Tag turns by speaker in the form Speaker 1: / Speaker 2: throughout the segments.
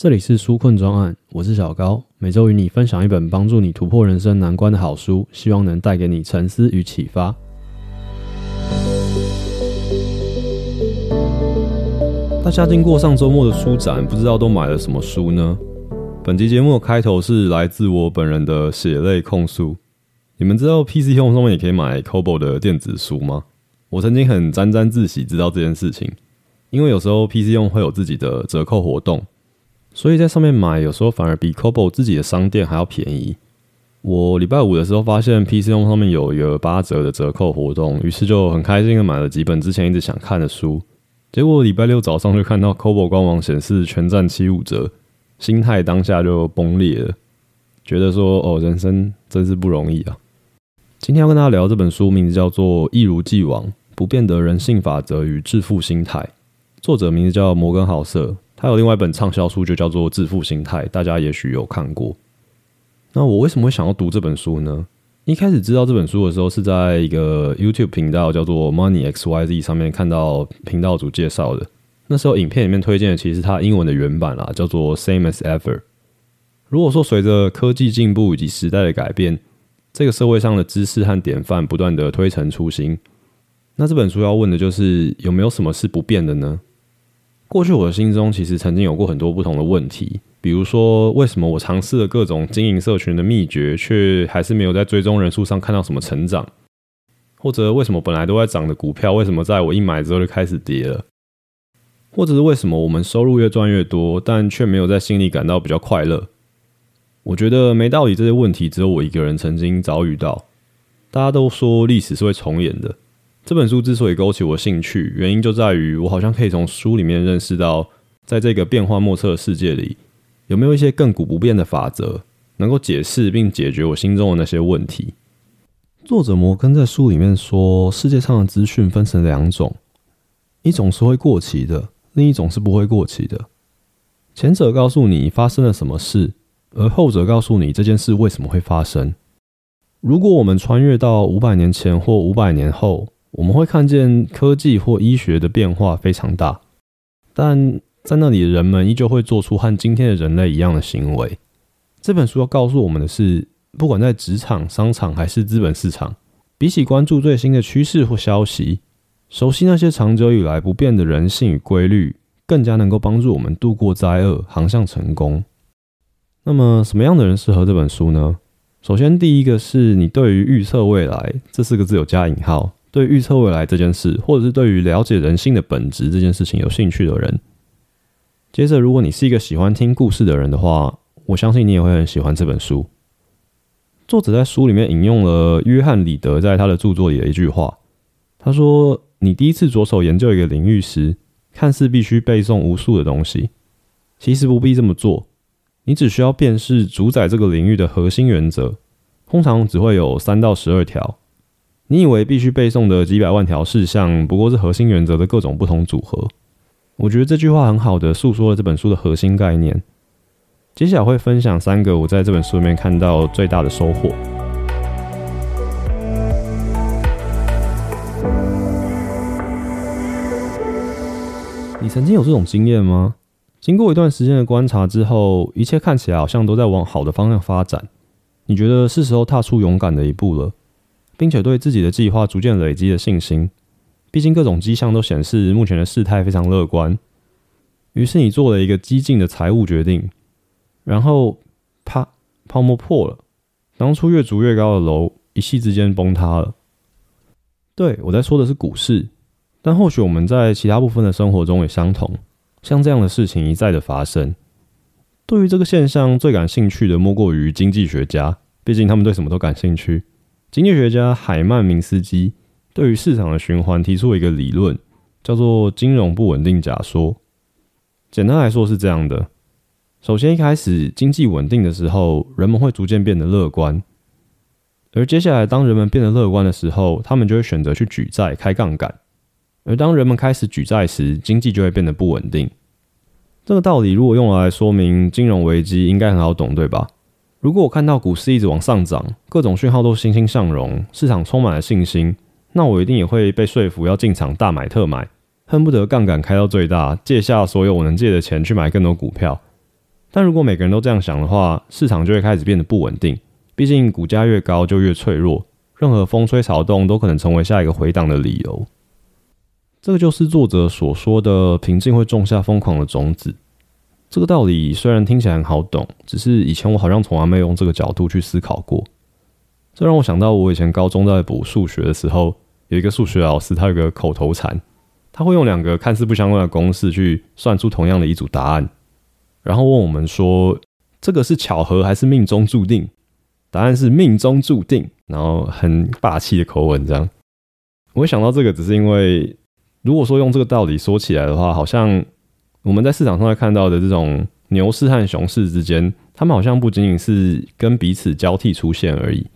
Speaker 1: 這裡是書困專案，我是小高，每週與你分享一本幫助你突破人生難關的好書，希望能帶給你沉思與啟發。大家經過上周末的書展，不知道都買了什麼書呢？本期節目的開頭是來自我本人的血淚控訴。你們知道 PC 用上面也可以買 Kobo 的電子書嗎？我曾經很沾沾自喜知道這件事情，因為有時候 PC 用會有自己的折扣活動。所以在上面買，有時候反而比 Kobo 自己的商店還要便宜。我禮拜五的時候發現 PCM 上面有一個八折的折扣活動，於是就很開心的買了幾本之前一直想看的書。結果禮拜六早上就看到 Kobo 官網顯示全站七五折，心態當下就崩裂了，覺得說哦，人生真是不容易啊！今天要跟大家聊這本書，名字叫做《一如既往不變的人性法則與致富心態》，作者名字叫摩根·豪瑟。還有另外一本暢銷書，就叫做《致富心態》，大家也許有看過。那我為什麼會想要讀這本書呢？一開始知道這本書的時候，是在一個 YouTube 頻道叫做 Money XYZ 上面看到頻道主介紹的。那時候影片裡面推薦的，其實它英文的原版啦，叫做 Same as Ever。如果說隨着科技進步以及時代的改變，這個社會上的知識和典範不斷的推陳出新，那這本書要問的就是有沒有什麼是不變的呢？過去我的心中其實曾經有過很多不同的問題，比如說為什麼我嘗試了各種經營社群的秘訣，卻還是沒有在追蹤人數上看到什麼成長；或者為什麼本來都在漲的股票，為什麼在我一買之後就開始跌了；或者是為什麼我們收入越賺越多，但卻沒有在心裡感到比較快樂？我覺得沒道理，這些問題只有我一個人曾經遭遇到。大家都說歷史是會重演的。這本書之所以勾起我興趣，原因就在於我好像可以從書裡面認識到，在這個變幻莫測的世界裡，有沒有一些亘古不變的法則，能夠解釋並解決我心中的那些問題。作者摩根在書裡面說，世界上的資訊分成兩種，一種是會過期的，另一種是不會過期的。前者告訴你發生了什麼事，而後者告訴你這件事為什麼會發生。如果我們穿越到五百年前或五百年後，我們會看見科技、或醫學的變化非常大，但在那裡的人們依舊會做出和今天的人類一樣的行為。這本書要告訴我們的是，不管在職場、商場還是資本市場，比起關注最新的趨勢或消息，熟悉那些長久以來不變的人性與規律，更加能夠幫助我們度過災厄，航向成功。那麼，什麼樣的人適合這本書呢？首先，第一個是你對於“預測未來”這四個字有加引號。對預測未來這件事，或者是對於了解人性的本質這件事情有興趣的人，接着，如果你是一個喜歡聽故事的人的話，我相信你也會很喜歡這本書。作者在書裡面引用了約翰·里德在他的著作裡的一句話，他說：“你第一次着手研究一個領域時，看似必須背誦無數的東西，其實不必這麼做。你只需要辨識主宰這個領域的核心原則，通常只會有三到十二條。”你以為必須背誦的幾百萬條事項，不過是核心原則的各種不同組合。我覺得這句話很好地訴說了這本書的核心概念。接下來我會分享三個我在這本書裡面看到最大的收穫。你曾經有這種經驗嗎？經過一段時間的觀察之後，一切看起來好像都在往好的方向發展。你覺得是時候踏出勇敢的一步了，並且對自己的計劃逐漸累積的信心，畢竟各種跡象都顯示目前的事態非常樂觀。於是你做了一個激進的財務決定，然後啪，泡沫破了，當初越築越高的樓一夕之間崩塌了。對，我在說的是股市，但或許我們在其他部分的生活中也相同，像這樣的事情一再的發生。對於這個現象最感興趣的莫過於經濟學家，畢竟他們對什麼都感興趣。經濟學家海曼明斯基對於市場的循環提出了一個理論，叫做“金融不穩定假說”。簡單來說是這樣的：首先，一開始經濟穩定的時候，人們會逐漸變得樂觀；而接下來，當人們變得樂觀的時候，他們就會選擇去舉債、開槓桿；而當人們開始舉債時，經濟就會變得不穩定。這個道理如果用來說明金融危機，應該很好懂，對吧？如果我看到股市一直往上漲，各種訊號都欣欣向榮，市場充滿了信心，那我一定也會被說服要進場大買特買，恨不得槓桿開到最大，借下所有我能借的錢去買更多股票。但如果每個人都這樣想的話，市場就會開始變得不穩定。畢竟股價越高就越脆弱，任何風吹草動都可能成為下一個回檔的理由。這個就是作者所說的平靜會種下瘋狂的種子。這個道理雖然聽起來很好懂，只是以前我好像從來沒有用這個角度去思考過。這讓我想到，我以前高中在補數學的時候，有一個數學老師，他有個口頭禪，他會用兩個看似不相關的公式去算出同樣的一組答案，然後問我們說：“這個是巧合還是命中注定？”答案是命中注定，然後很霸氣的口吻這樣。我會想到這個，只是因為如果說用這個道理說起來的話，好像。我們在市場上看到的這種牛市和熊市之間，他們好像不僅僅是跟彼此交替出現而已。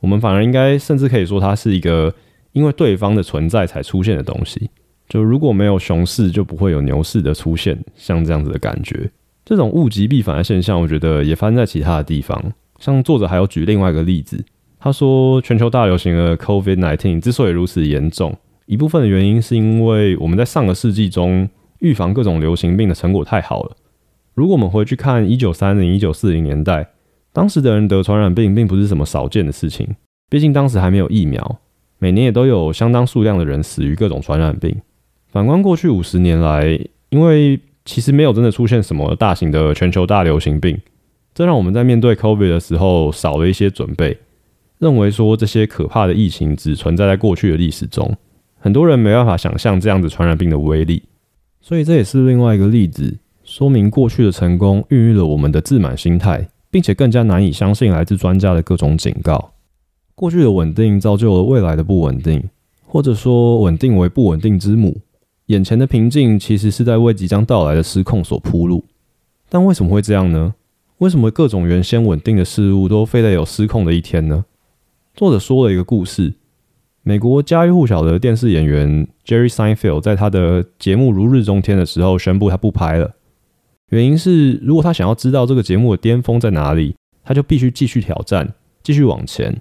Speaker 1: 我們反而應該，甚至可以說，它是一個因為對方的存在才出現的東西。就如果沒有熊市，就不會有牛市的出現，像這樣子的感覺。這種物極必反的現象，我覺得也發生在其他的地方。像作者還有舉另外一個例子，他說，全球大流行的 COVID-19 之所以如此嚴重，一部分的原因是因為我們在上個世紀中。預防各種流行病的成果太好了。如果我們回去看一九三零、一九四零年代，當時的人得傳染病並不是什麼少見的事情。畢竟當時還沒有疫苗，每年也都有相當數量的人死於各種傳染病。反觀過去五十年來，因為其實沒有真的出現什麼大型的全球大流行病，這讓我們在面對 COVID 的時候少了一些準備，認為說，這些可怕的疫情只存在在過去的歷史中，很多人沒辦法想象這樣子傳染病的威力。所以這也是另外一個例子，說明過去的成功孕育了我們的自滿心態，並且更加難以相信來自專家的各種警告。過去的穩定造就了未來的不穩定，或者說穩定為不穩定之母。眼前的平靜其實是在為即將到來的失控所鋪路。但為什麼會這樣呢？為什麼各種原先穩定的事物都非得有失控的一天呢？作者說了一個故事。美國家喻戶曉的電視演員 Jerry Seinfeld 在他的節目如日中天的時候宣布他不拍了。原因是，如果他想要知道這個節目的巔峰在哪裡，他就必須繼續挑戰，繼續往前。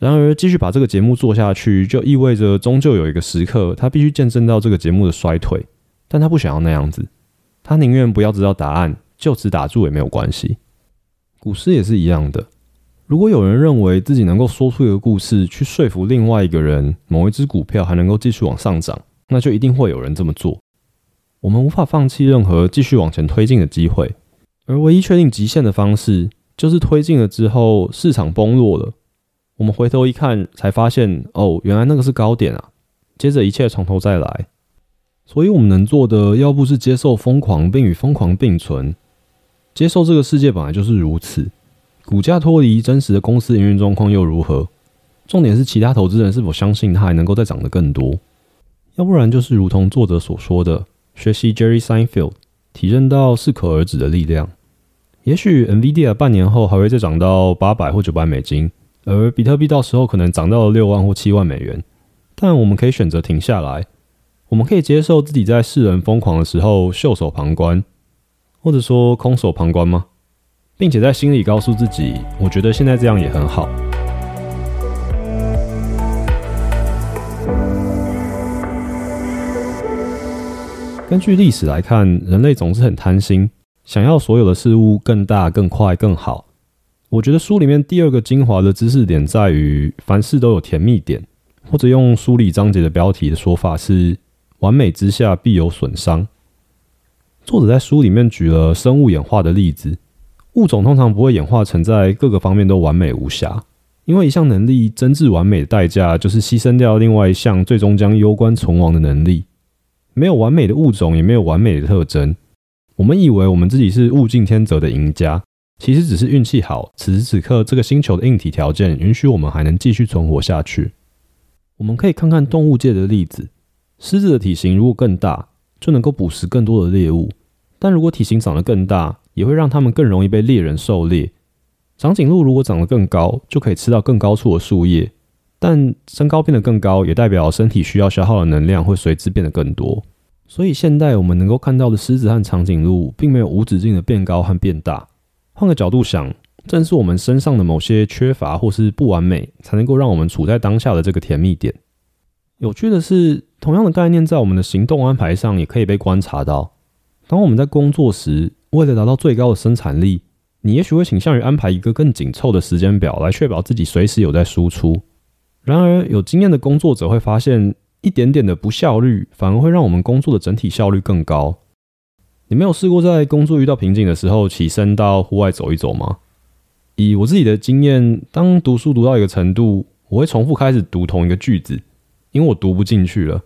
Speaker 1: 然而，繼續把這個節目做下去，就意味着終究有一個時刻他必須見證到這個節目的衰退。但他不想要那樣子，他寧願不要知道答案，就此打住也沒有關係。股市也是一樣的。如果有人認為自己能夠說出一個故事去說服另外一個人某一只股票還能夠繼續往上漲，那就一定會有人這麼做。我們無法放棄任何繼續往前推進的機會，而唯一確定極限的方式就是推進了之後市場崩落了，我們回頭一看才發現，哦，原來那個是高點啊。接着一切從頭再來。所以我們能做的，要不是接受瘋狂並與瘋狂並存，接受這個世界本來就是如此。股價脫離真實的公司營運狀況又如何？重點是其他投資人是否相信它還能夠再漲得更多？要不然就是如同作者所說的，學習 Jerry Seinfeld，體認到適可而止的力量。也許 Nvidia 半年後還會再漲到八百或九百美金，而比特幣到時候可能漲到了六萬或七萬美元。但我們可以選擇停下來，我們可以接受自己在世人瘋狂的時候袖手旁觀，或者說空手旁觀嗎？並且在心裡告訴自己，我覺得現在這樣也很好。根據歷史來看，人類總是很貪心，想要所有的事物更大、更快、更好。我覺得書裡面第二個精華的知識點在於，凡事都有甜蜜點，或者用書裡章節的標題的說法是“完美之下必有損傷”。作者在書裡面舉了生物演化的例子。物種通常不會演化成在各個方面都完美無瑕，因為一項能力臻至完美的代價就是犧牲掉另外一項，最終將攸關存亡的能力。沒有完美的物種，也沒有完美的特徵。我們以為我們自己是物競天擇的贏家，其實只是運氣好。此時此刻，這個星球的硬體條件允許我們還能繼續存活下去。我們可以看看動物界的例子：獅子的體型如果更大，就能夠捕食更多的獵物；但如果體型長得更大，也會讓他們更容易被獵人狩獵。長頸鹿如果長得更高，就可以吃到更高處的樹葉，但身高變得更高，也代表身體需要消耗的能量會隨之變得更多。所以，現在我們能夠看到的獅子和長頸鹿，並沒有無止境的變高和變大。換個角度想，正是我們身上的某些缺乏或是不完美，才能夠讓我們處在當下的這個甜蜜點。有趣的是，同樣的概念在我們的行動安排上也可以被觀察到。當我們在工作時，為了達到最高的生產力，你也許會傾向於安排一個更緊湊的時間表，來確保自己隨時有在輸出。然而，有經驗的工作者會發現，一點點的不效率反而會讓我們工作的整體效率更高。你沒有試過在工作遇到瓶頸的時候，起身到戶外走一走嗎？以我自己的經驗，當讀書讀到一個程度，我會重複開始讀同一個句子，因為我讀不進去了。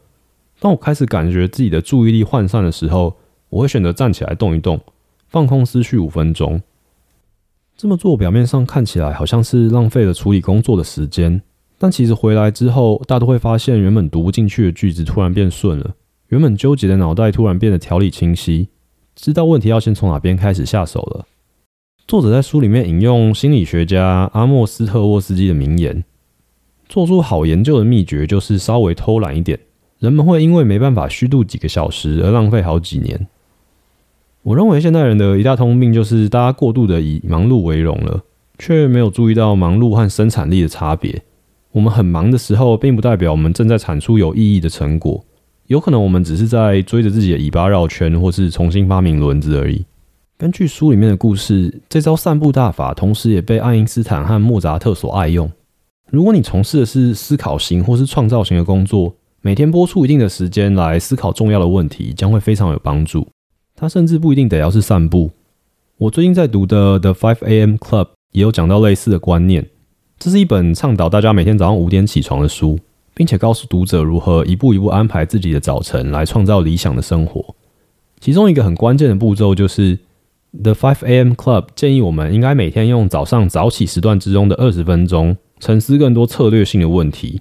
Speaker 1: 當我開始感覺自己的注意力渙散的時候，我會選擇站起來動一動。放空思緒五分鐘，這麼做表面上看起來好像是浪費了處理工作的時間，但其實回來之後，大都會發現原本讀不進去的句子突然變順了，原本糾結的腦袋突然變得條理清晰，知道問題要先從哪邊開始下手了。作者在書裡面引用心理學家阿莫斯特沃斯基的名言：做出好研究的秘訣就是稍微偷懶一點。人們會因為沒辦法虛度幾個小時而浪費好幾年。我認為現代人的一大通病就是大家過度的以忙碌為榮了，卻沒有注意到忙碌和生產力的差別。我們很忙的時候，並不代表我們正在產出有意義的成果，有可能我們只是在追着自己的尾巴繞圈，或是重新發明輪子而已。根據書裡面的故事，這招散步大法，同時也被愛因斯坦和莫扎特所愛用。如果你從事的是思考型或是創造型的工作，每天撥出一定的時間來思考重要的問題，將會非常有幫助。它甚至不一定得要是散步。我最近在讀的《The Five A.M. Club》也有講到類似的觀念。這是一本倡導大家每天早上五點起床的書，並且告訴讀者如何一步一步安排自己的早晨來創造理想的生活。其中一個很關鍵的步驟就是，《The Five A.M. Club》建議我們應該每天用早上早起時段之中的二十分鐘，沉思更多策略性的問題。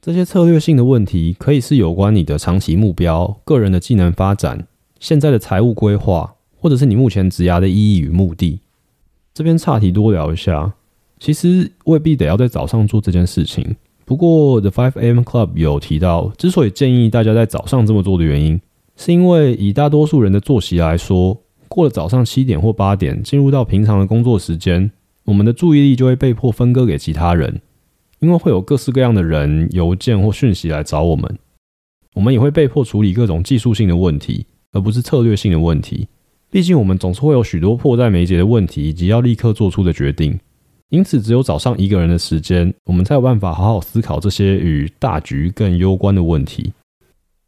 Speaker 1: 這些策略性的問題可以是有關你的長期目標、個人的技能發展。現在的財務規劃，或者是你目前職涯的意義與目的，這邊岔題多聊一下。其實未必得要在早上做這件事情。不過，The 5AM Club 有提到，之所以建議大家在早上這麼做的原因，是因為以大多數人的作息來說，過了早上七點或八點，進入到平常的工作時間，我們的注意力就會被迫分割給其他人，因為會有各式各樣的人、郵件或訊息來找我們，我們也會被迫處理各種技術性的問題。而不是策略性的問題。畢竟我們總是會有許多迫在眉睫的問題，以及要立刻做出的決定。因此，只有早上一個人的時間，我們才有辦法好好思考這些與大局更攸關的問題。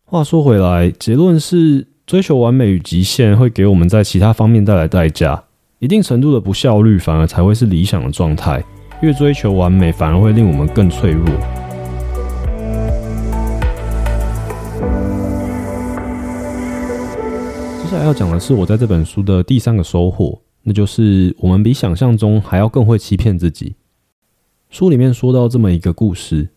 Speaker 1: 話說回來，結論是：追求完美與極限會給我們在其他方面帶來代價。一定程度的不效率反而才會是理想的狀態。越追求完美，反而會令我們更脆弱。接下來要講的是我在這本書的第三個收穫，那就是我們比想象中還要更會欺騙自己。書裡面說到這麼一個故事，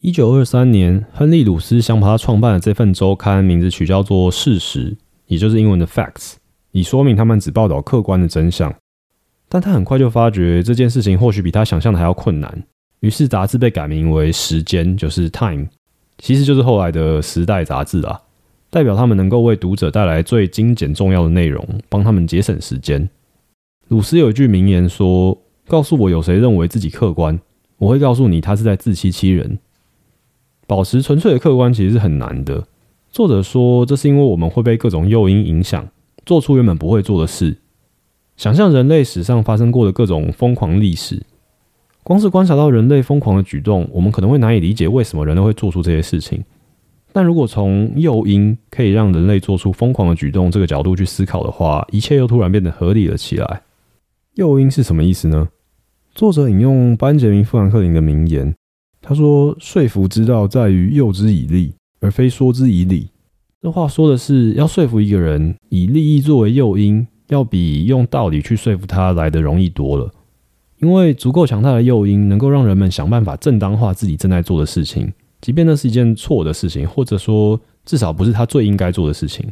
Speaker 1: 一九二三年，亨利·魯斯想把他創辦的這份周刊名字取叫做“事實”，也就是英文的 “facts”，以說明他們只報道客觀的真相。但他很快就發覺這件事情或許比他想象的還要困難，於是雜志被改名為《時間》，就是 “Time”，其實就是後來的《時代》雜誌啦。代表他們能夠為讀者帶來最精簡重要的內容，幫他們節省時間。魯斯有一句名言說：“告訴我有誰認為自己客觀，我會告訴你他是在自欺欺人。”保持純粹的客觀其實是很難的。作者說，這是因為我們會被各種誘因影響，做出原本不會做的事。想象人類史上發生過的各種瘋狂歷史，光是觀察到人類瘋狂的舉動，我們可能會難以理解為什麼人類會做出這些事情。但如果從誘因可以讓人類做出瘋狂的舉動這個角度去思考的話，一切又突然變得合理了起來。誘因是什麼意思呢？作者引用班傑明·富蘭克林的名言，他說：“說服之道在於誘之以利，而非說之以理。”這話說的是，要說服一個人，以利益作為誘因，要比用道理去說服他來得容易多了。因為足夠強大的誘因，能夠讓人們想辦法正當化自己正在做的事情。即便那是一件錯的事情，或者說至少不是他最應該做的事情，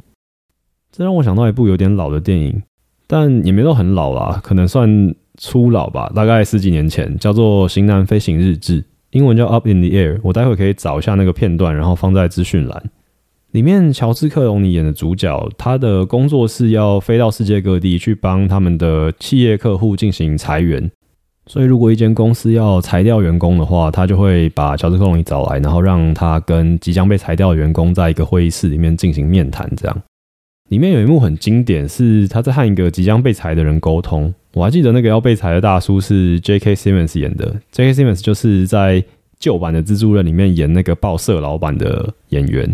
Speaker 1: 這讓我想到一部有點老的電影，但也沒有很老了啊，可能算初老吧，大概十幾年前，叫做《型男飛行日誌》，英文叫《Up in the Air》。我待會可以找一下那個片段，然後放在資訊欄。裡面喬治克隆尼演的主角，他的工作是要飛到世界各地去幫他們的企業客戶進行裁員。所以，如果一間公司要裁掉員工的話，他就會把喬治·克隆尼找來，然後讓他跟即將被裁掉的員工在一個會議室裡面進行面談。這樣，裡面有一幕很經典，是他在和一個即將被裁的人溝通。我還記得那個要被裁的大叔是 J.K. Simmons 演的。J.K. Simmons 就是在舊版的《蜘蛛人》裡面演那個報社老闆的演員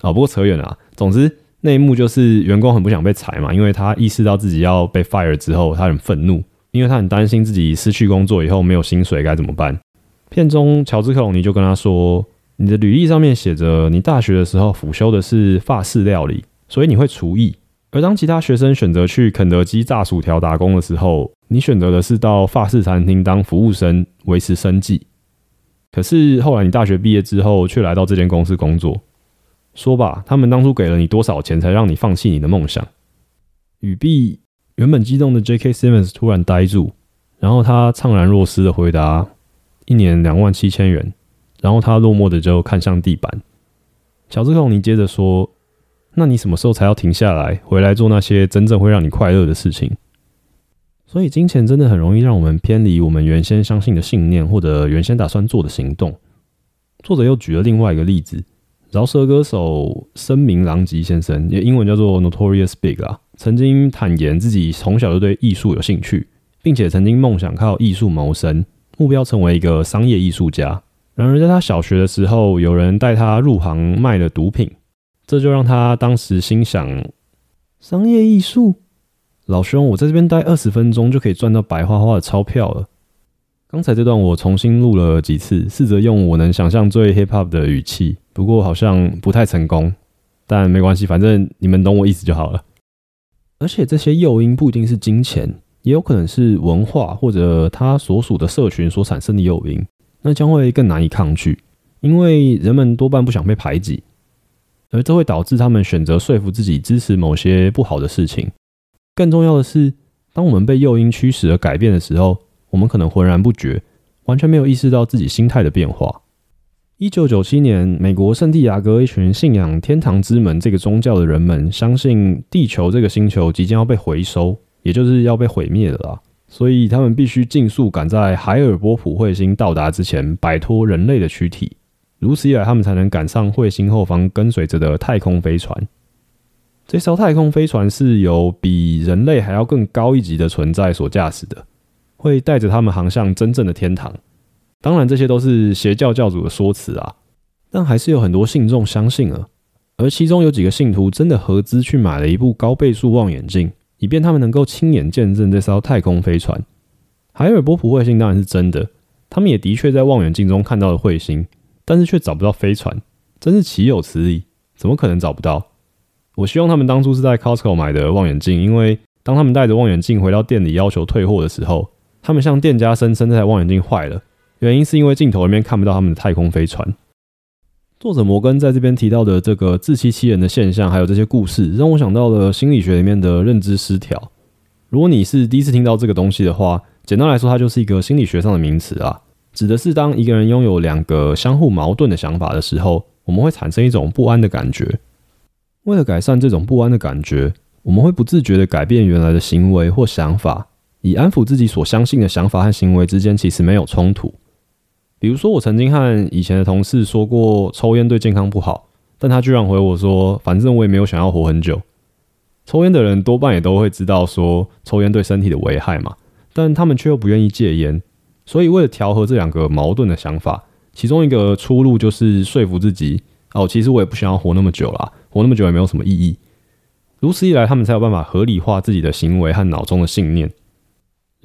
Speaker 1: 啊、哦。不過扯遠了、啊。總之，那一幕就是員工很不想被裁嘛，因為他意識到自己要被 fire 之後，他很憤怒。因為他很擔心自己失去工作以後沒有薪水該怎麼辦。片中，喬治·克隆尼就跟他說：“你的履歷上面寫着，你大學的時候輔修的是法式料理，所以你會廚藝。而當其他學生選擇去肯德基炸薯條打工的時候，你選擇的是到法式餐廳當服務生維持生計。可是後來你大學畢業之後，卻來到這間公司工作。說吧，他們當初給了你多少錢，才讓你放棄你的夢想？”語畢。原本激動的 J.K. Simmons 突然呆住，然後他悵然若失的回答：“一年兩萬七千元。”然後他落寞的就看向地板。喬治·克魯尼接着說：“那你什麼時候才要停下來，回來做那些真正會讓你快樂的事情？”所以，金錢真的很容易讓我們偏離我們原先相信的信念，或者原先打算做的行動。作者又舉了另外一個例子：饒舌歌手聲名狼藉先生，也英文叫做 Notorious Big 啊。曾經坦言自己從小就對藝術有興趣，並且曾經夢想靠藝術謀生，目標成為一個商業藝術家。然而在他小學的時候，有人帶他入行賣了毒品，這就讓他當時心想：商業藝術，老兄，我在這邊待二十分鐘就可以賺到白花花的鈔票了。剛才這段我重新錄了幾次，試着用我能想象最 hip hop 的語氣，不過好像不太成功，但沒關係，反正你們懂我意思就好了。而且這些誘因不一定是金錢，也有可能是文化或者它所屬的社群所產生的誘因，那將會更難以抗拒。因為人們多半不想被排擠，而這會導致他們選擇說服自己支持某些不好的事情。更重要的是，當我們被誘因驅使而改變的時候，我們可能渾然不覺，完全沒有意識到自己心態的變化。一九九七年，美國聖地亞哥一群信仰天堂之門這個宗教的人們，相信地球這個星球即將要被回收，也就是要被毀滅了啦。所以他們必須盡速趕在海爾波普彗星到達之前，擺脫人類的軀體。如此一來，他們才能趕上彗星後方跟隨着的太空飛船。這艘太空飛船是由比人類還要更高一級的存在所駕駛的，會帶着他們航向真正的天堂。當然，這些都是邪教教主的說辭啊，但還是有很多信眾相信了啊。而其中有幾個信徒真的合資去買了一部高倍數望遠鏡，以便他們能夠親眼見證這艘太空飛船。海爾波普彗星當然是真的，他們也的確在望遠鏡中看到了彗星，但是卻找不到飛船，真是豈有此理！怎麼可能找不到？我希望他們當初是在 Costco 買的望遠鏡，因為當他們帶着望遠鏡回到店裡要求退貨的時候，他們向店家聲稱這台望遠鏡壞了。原因是因為鏡頭裡面看不到他們的太空飛船。作者摩根在這邊提到的這個自欺欺人的現象，還有這些故事，讓我想到了心理學裡面的認知失調。如果你是第一次聽到這個東西的話，簡單來說，它就是一個心理學上的名詞啊，指的是當一個人擁有兩個相互矛盾的想法的時候，我們會產生一種不安的感覺。為了改善這種不安的感覺，我們會不自覺地改變原來的行為或想法，以安撫自己所相信的想法和行為之間其實沒有衝突。比如說，我曾經和以前的同事說過抽煙對健康不好，但他居然回我說：“反正我也沒有想要活很久。”抽煙的人多半也都會知道說抽煙對身體的危害嘛，但他們卻又不願意戒煙。所以，為了調和這兩個矛盾的想法，其中一個出路就是說服自己：“哦，其實我也不想要活那麼久啦，活那麼久也沒有什麼意義。”如此一來，他們才有辦法合理化自己的行為和腦中的信念。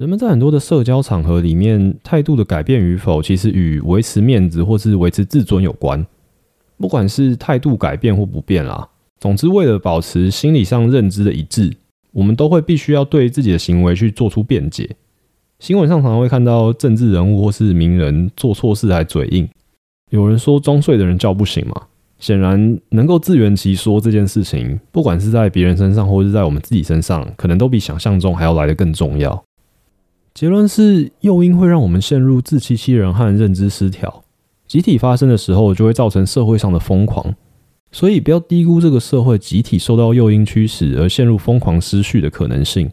Speaker 1: 人們在很多的社交場合裡面，態度的改變與否，其實與維持面子或是維持自尊有關。不管是態度改變或不變啦、啊，總之為了保持心理上認知的一致，我們都會必須要對自己的行為去做出辯解。新聞上常常會看到政治人物或是名人做錯事還嘴硬。有人說裝睡的人叫不醒嘛，顯然能夠自圓其說這件事情，不管是在別人身上或是在我們自己身上，可能都比想象中還要來得更重要。結論是，誘因會讓我們陷入自欺欺人和認知失調。集體發生的時候，就會造成社會上的瘋狂。所以，不要低估這個社會集體受到誘因驅使而陷入瘋狂失序的可能性。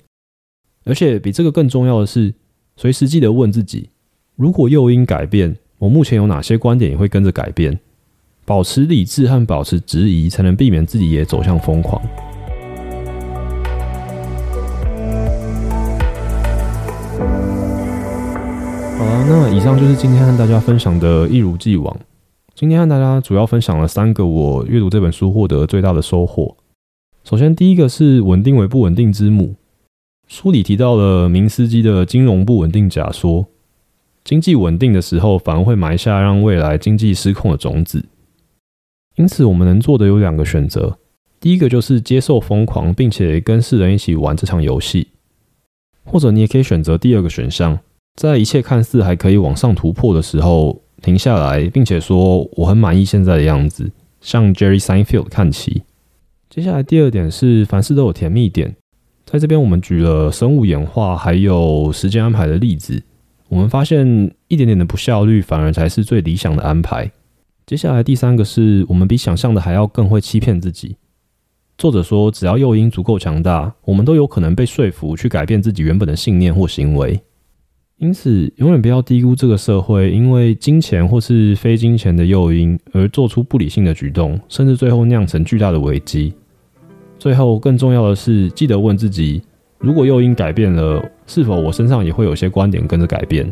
Speaker 1: 而且，比這個更重要的是，隨時記得問自己：如果誘因改變，我目前有哪些觀點也會跟着改變？保持理智和保持質疑，才能避免自己也走向瘋狂。那以上就是今天和大家分享的，一如既往。今天和大家主要分享了三個我閱讀這本書獲得最大的收穫。首先，第一個是穩定為不穩定之母。書裡提到了明斯基的金融不穩定假說，經濟穩定的時候反而會埋下讓未來經濟失控的種子。因此，我們能做的有兩個選擇，第一個就是接受瘋狂，並且跟世人一起玩這場遊戲，或者你也可以選擇第二個選項。在一切看似還可以往上突破的時候，停下來，並且說，我很滿意現在的樣子，向 Jerry Seinfeld 看齊。接下來第二點是凡事都有甜蜜點，在這邊我們舉了生物演化還有時間安排的例子，我們發現一點點的不效率反而才是最理想的安排。接下來第三個是我們比想象的還要更會欺騙自己。作者說，只要誘因足夠強大，我們都有可能被說服去改變自己原本的信念或行為。因此，永遠不要低估這個社會，因為金錢或是非金錢的誘因而做出不理性的舉動，甚至最後釀成巨大的危機。最後，更重要的是，記得問自己，如果誘因改變了，是否我身上也會有些觀點跟着改變？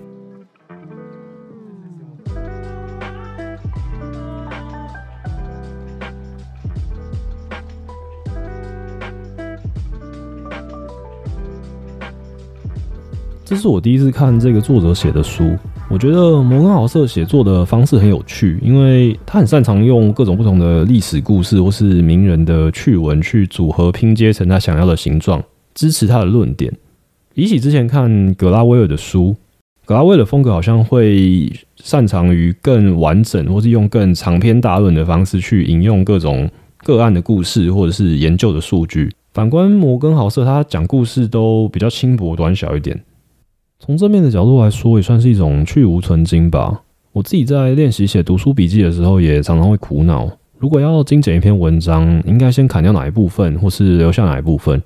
Speaker 1: 這是我第一次看這個作者寫的書，我覺得摩根豪瑟寫作的方式很有趣，因為他很擅長用各種不同的歷史故事或是名人的趣聞去組合拼接成他想要的形狀，支持他的論點。比起之前看格拉威爾的書，格拉威爾的風格好像會擅長於更完整或是用更長篇大論的方式去引用各種個案的故事或者是研究的數據。反觀摩根豪瑟，他講故事都比較輕薄短小一點。從正面的角度來說，也算是一種去蕪存菁吧。我自己在練習寫讀書筆記的時候，也常常會苦惱：如果要精簡一篇文章，應該先砍掉哪一部分，或是留下哪一部分？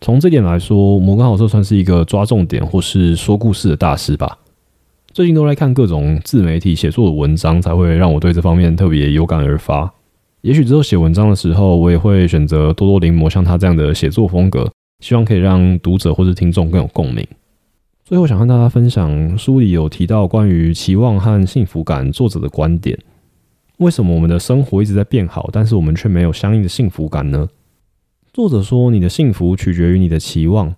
Speaker 1: 從這點來說，摩根·豪瑟算是一個抓重點或是說故事的大師吧。最近都來看各種自媒體寫作的文章，才會讓我對這方面特別有感而發。也許之後寫文章的時候，我也會選擇多多臨摹像他這樣的寫作風格，希望可以讓讀者或是聽眾更有共鳴。最後想和大家分享，書裡有提到關於期望和幸福感作者的觀點。為什麼我們的生活一直在變好，但是我們卻沒有相應的幸福感呢？作者說，你的幸福取決於你的期望。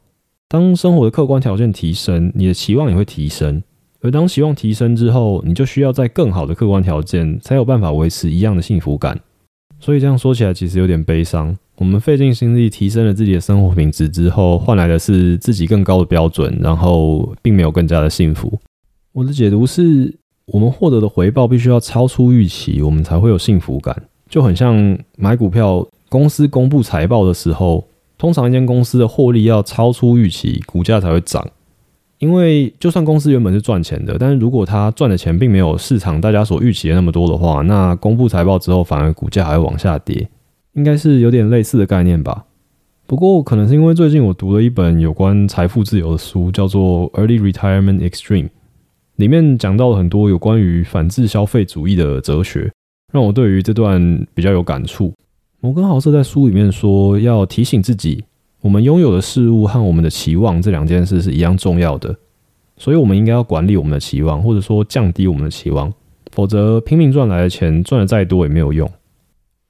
Speaker 1: 當生活的客觀條件提升，你的期望也會提升。而當期望提升之後，你就需要在更好的客觀條件才有辦法維持一樣的幸福感。所以這樣說起來，其實有點悲傷。我們費盡心力提升了自己的生活品質之後，換來的是自己更高的標準，然後並沒有更加的幸福。我的解讀是，我們獲得的回報必須要超出預期，我們才會有幸福感。就很像買股票，公司公布財報的時候，通常一間公司的獲利要超出預期，股價才會漲。因為就算公司原本是賺錢的，但是如果它賺的錢並沒有市場大家所預期的那麼多的話，那公布財報之後，反而股價還會往下跌。應該是有點類似的概念吧，不過可能是因為最近我讀了一本有關財富自由的書，叫做《Early Retirement Extreme》，裡面講到了很多有關於反制消費主義的哲學，讓我對於這段比較有感觸。摩根豪斯在書裡面說，要提醒自己，我們擁有的事物和我們的期望這兩件事是一樣重要的，所以我們應該要管理我們的期望，或者說降低我們的期望，否則拼命賺來的錢賺得再多也沒有用。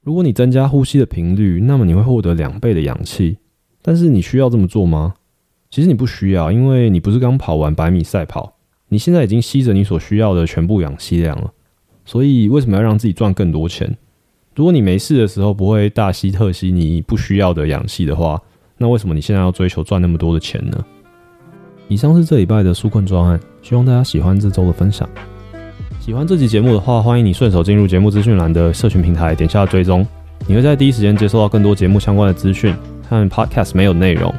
Speaker 1: 如果你增加呼吸的頻率，那麼你會獲得兩倍的氧氣。但是你需要這麼做嗎？其實你不需要，因為你不是剛跑完百米賽跑，你現在已經吸着你所需要的全部氧氣量了。所以為什麼要讓自己賺更多錢？如果你沒事的時候不會大吸特吸你不需要的氧氣的話，那為什麼你現在要追求賺那麼多的錢呢？以上是這禮拜的書困專案，希望大家喜歡這周的分享。喜歡這集節目的話，歡迎你順手進入節目資訊欄的社群平台，點下追蹤，你會在第一時間接收到更多節目相關的資訊和 Podcast 沒有內容，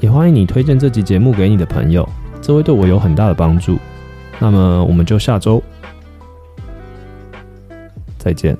Speaker 1: 也歡迎你推薦這集節目給你的朋友，這會對我有很大的幫助。那麼我們就下周再見。